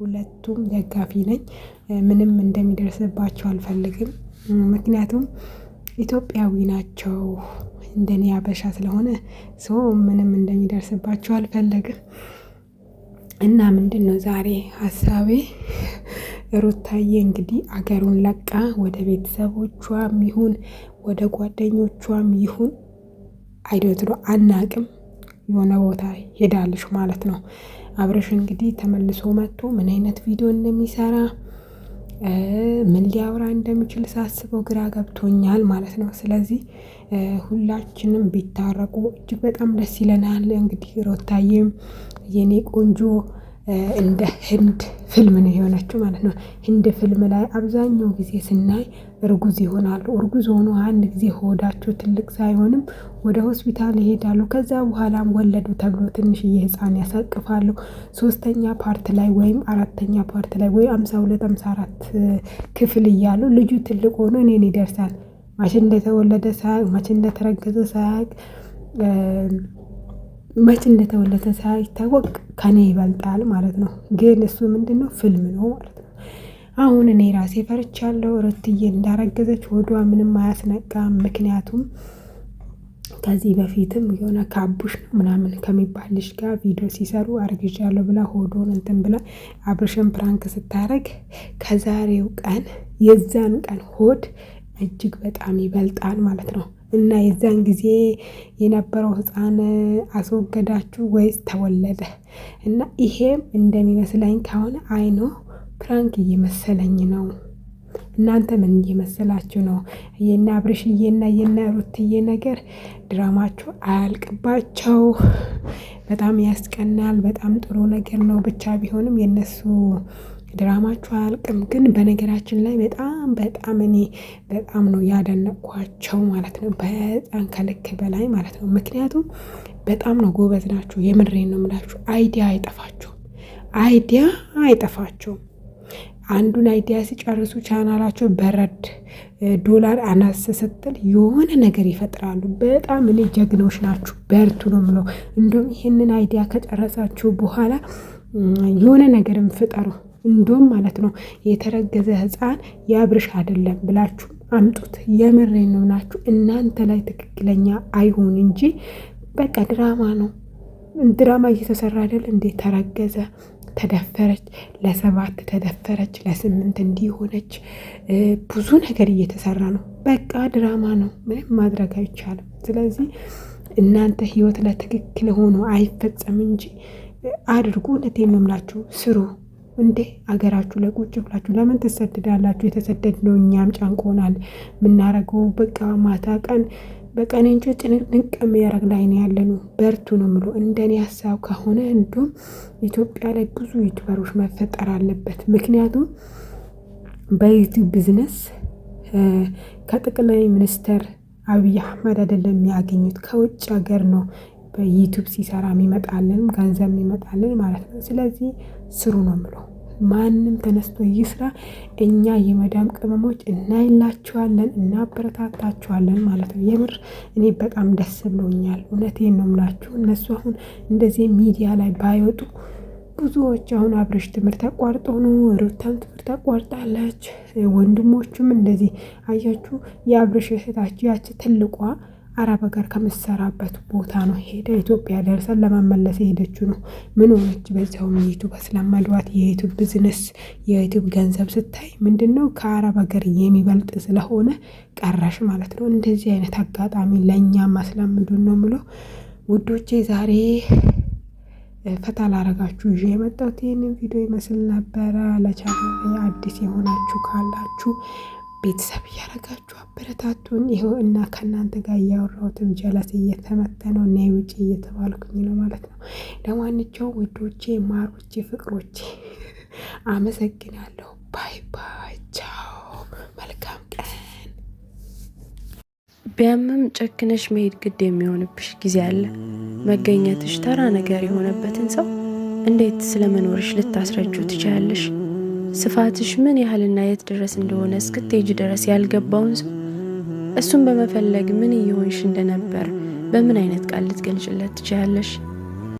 የሁለቱም ደጋፊ ነኝ። ምንም እንደሚደርስባቸው አልፈልግም። ምክንያቱም ኢትዮጵያዊ ናቸው እንደኔ ሀበሻ ስለሆነ ሰው ምንም እንደሚደርስባቸው አልፈለግም። እና ምንድነው ዛሬ ሀሳቤ ሩታዬ እንግዲህ አገሩን ለቃ ወደ ቤተሰቦቿም ይሁን ወደ ጓደኞቿም ይሁን አይዶት አናቅም የሆነ ቦታ ሄዳለች ማለት ነው። አብረሽ እንግዲህ ተመልሶ መጥቶ ምን አይነት ቪዲዮ እንደሚሰራ ምን ሊያወራ እንደሚችል ሳስበው ግራ ገብቶኛል ማለት ነው። ስለዚህ ሁላችንም ቢታረቁ እጅግ በጣም ደስ ይለናል። እንግዲህ ሮታዬም የኔ ቆንጆ እንደ ህንድ ፊልም ነው የሆነችው ማለት ነው። ህንድ ፊልም ላይ አብዛኛው ጊዜ ስናይ እርጉዝ ይሆናሉ። እርጉዝ ሆኖ አንድ ጊዜ ሆዳቸው ትልቅ ሳይሆንም ወደ ሆስፒታል ይሄዳሉ። ከዛ በኋላም ወለዱ ተብሎ ትንሽዬ ህፃን ያሳቅፋሉ። ሶስተኛ ፓርት ላይ ወይም አራተኛ ፓርት ላይ ወይ አምሳ ሁለት አምሳ አራት ክፍል እያሉ ልጁ ትልቅ ሆኖ እኔን ይደርሳል መቼ እንደተወለደ ሳያቅ መቼ እንደተረገዘ ሳያቅ መች እንደተወለደ ሳይታወቅ ከኔ ይበልጣል ማለት ነው። ግን እሱ ምንድን ነው ፍልም ነው ማለት ነው። አሁን እኔ ራሴ ፈርቻለሁ። ረትዬ እንዳረገዘች ወዷ ምንም አያስነቃም። ምክንያቱም ከዚህ በፊትም የሆነ ከአቡሽ ነው ምናምን ከሚባል ልጅ ጋር ቪዲዮ ሲሰሩ አርግዣለሁ ብላ ሆዶን እንትን ብላ አብርሽን ፕራንክ ስታረግ ከዛሬው ቀን የዛን ቀን ሆድ እጅግ በጣም ይበልጣል ማለት ነው። እና የዛን ጊዜ የነበረው ህፃን አስወገዳችሁ ወይስ ተወለደ? እና ይሄም እንደሚመስለኝ ከሆነ አይኖ ፕራንክ እየመሰለኝ ነው። እናንተ ምን እየመሰላችሁ ነው? የነ አብርሽዬና የነ ሩትዬ ነገር ድራማችሁ አያልቅባቸው። በጣም ያስቀናል። በጣም ጥሩ ነገር ነው። ብቻ ቢሆንም የነሱ ድራማቸው አያልቅም። ግን በነገራችን ላይ በጣም በጣም እኔ በጣም ነው ያደነቅኳቸው ማለት ነው። በጣም ከልክ በላይ ማለት ነው። ምክንያቱም በጣም ነው ጎበዝ ናቸው። የምድሬን ነው የምላችሁ። አይዲያ አይጠፋቸውም። አይዲያ አይጠፋቸውም። አንዱን አይዲያ ሲጨርሱ ቻናላቸው በረድ ዶላር አናስ ስትል የሆነ ነገር ይፈጥራሉ። በጣም እኔ ጀግኖች ናችሁ፣ በርቱ ነው ምለው። እንዲሁም ይህንን አይዲያ ከጨረሳችሁ በኋላ የሆነ ነገርም ፍጠሩ። እንዶም ማለት ነው የተረገዘ ህፃን የአብርሽ አይደለም ብላችሁ አምጡት። የምሬ ነው ናችሁ እናንተ ላይ ትክክለኛ አይሆን እንጂ በቃ ድራማ ነው ድራማ እየተሰራ አይደል እንዴ? ተረገዘ፣ ተደፈረች፣ ለሰባት ተደፈረች፣ ለስምንት እንዲሆነች ብዙ ነገር እየተሰራ ነው። በቃ ድራማ ነው፣ ምንም ማድረግ አይቻልም። ስለዚህ እናንተ ህይወት ለትክክል ሆኖ አይፈጸም እንጂ አድርጉ። እውነቴን ነው የምላችሁ ስሩ። እንዴ አገራችሁ ለቁጭ ብላችሁ ለምን ትሰደዳላችሁ? የተሰደድ ነው እኛም ጫንቆናል የምናረገው በቃ ማታ ቀን በቀን እንጂ ጭንቅንቅ የሚያደርግ ላይ ነው ያለነው። በርቱ ነው ምሎ እንደኔ ሀሳብ ከሆነ እንዲሁም ኢትዮጵያ ላይ ብዙ ዩቱበሮች መፈጠር አለበት። ምክንያቱም በዩቱብ ቢዝነስ ከጠቅላይ ሚኒስትር አብይ አህመድ አይደለም የሚያገኙት ከውጭ ሀገር ነው በዩቱብ ሲሰራ የሚመጣልን ገንዘብ የሚመጣልን ማለት ነው። ስለዚህ ስሩ ነው ምለው ማንም ተነስቶ ይስራ። እኛ የመዳም ቅመሞች እናይላችኋለን፣ እናበረታታችኋለን ማለት ነው። የምር እኔ በጣም ደስ ብሎኛል። እውነቴን ነው ምላችሁ እነሱ አሁን እንደዚህ ሚዲያ ላይ ባይወጡ ብዙዎች አሁን አብረሽ ትምህርት ተቋርጦ ነው፣ ሩታም ትምህርት ተቋርጣለች። ወንድሞቹም እንደዚህ አያችሁ። የአብረሽ እህታችሁ ያች ትልቋ አረብ ሀገር ከምሰራበት ቦታ ነው ሄደ ኢትዮጵያ ደርሰን ለመመለስ ሄደችው ነው። ምን ሆነች? በዚያውም ዩቱብ አስለመዷት። የዩቱብ ቢዝነስ የዩቱብ ገንዘብ ስታይ ምንድን ነው ከአረብ ሀገር የሚበልጥ ስለሆነ ቀረሽ ማለት ነው። እንደዚህ አይነት አጋጣሚ ለእኛም አስለምዱን ነው ምሎ ውዶቼ ዛሬ ፈታ ላረጋችሁ ይዤ የመጣሁት ይህንን ቪዲዮ ይመስል ነበረ። ለቻናል አዲስ የሆናችሁ ካላችሁ ቤተሰብ እያረጋችሁ አበረታቱን። ይኸው እና ከእናንተ ጋር እያወራሁትን ጀለስ እየተመተ ነው እና ውጭ እየተባልኩኝ ነው ማለት ነው። ለማንኛውም ውዶቼ፣ ማሮቼ፣ ፍቅሮቼ አመሰግናለሁ። ባይ ባይ፣ ቻው፣ መልካም ቀን። ቢያምም ጨክነሽ መሄድ ግድ የሚሆንብሽ ጊዜ አለ። መገኘትሽ ተራ ነገር የሆነበትን ሰው እንዴት ስለመኖርሽ ልታስረጁ ትችላለሽ? ስፋትሽ ምን ያህልና የት ድረስ እንደሆነ እስክትሄጂ ድረስ ያልገባውን ሰው እሱን በመፈለግ ምን እየሆንሽ እንደነበር በምን አይነት ቃል ልትገልጭለት ትችያለሽ?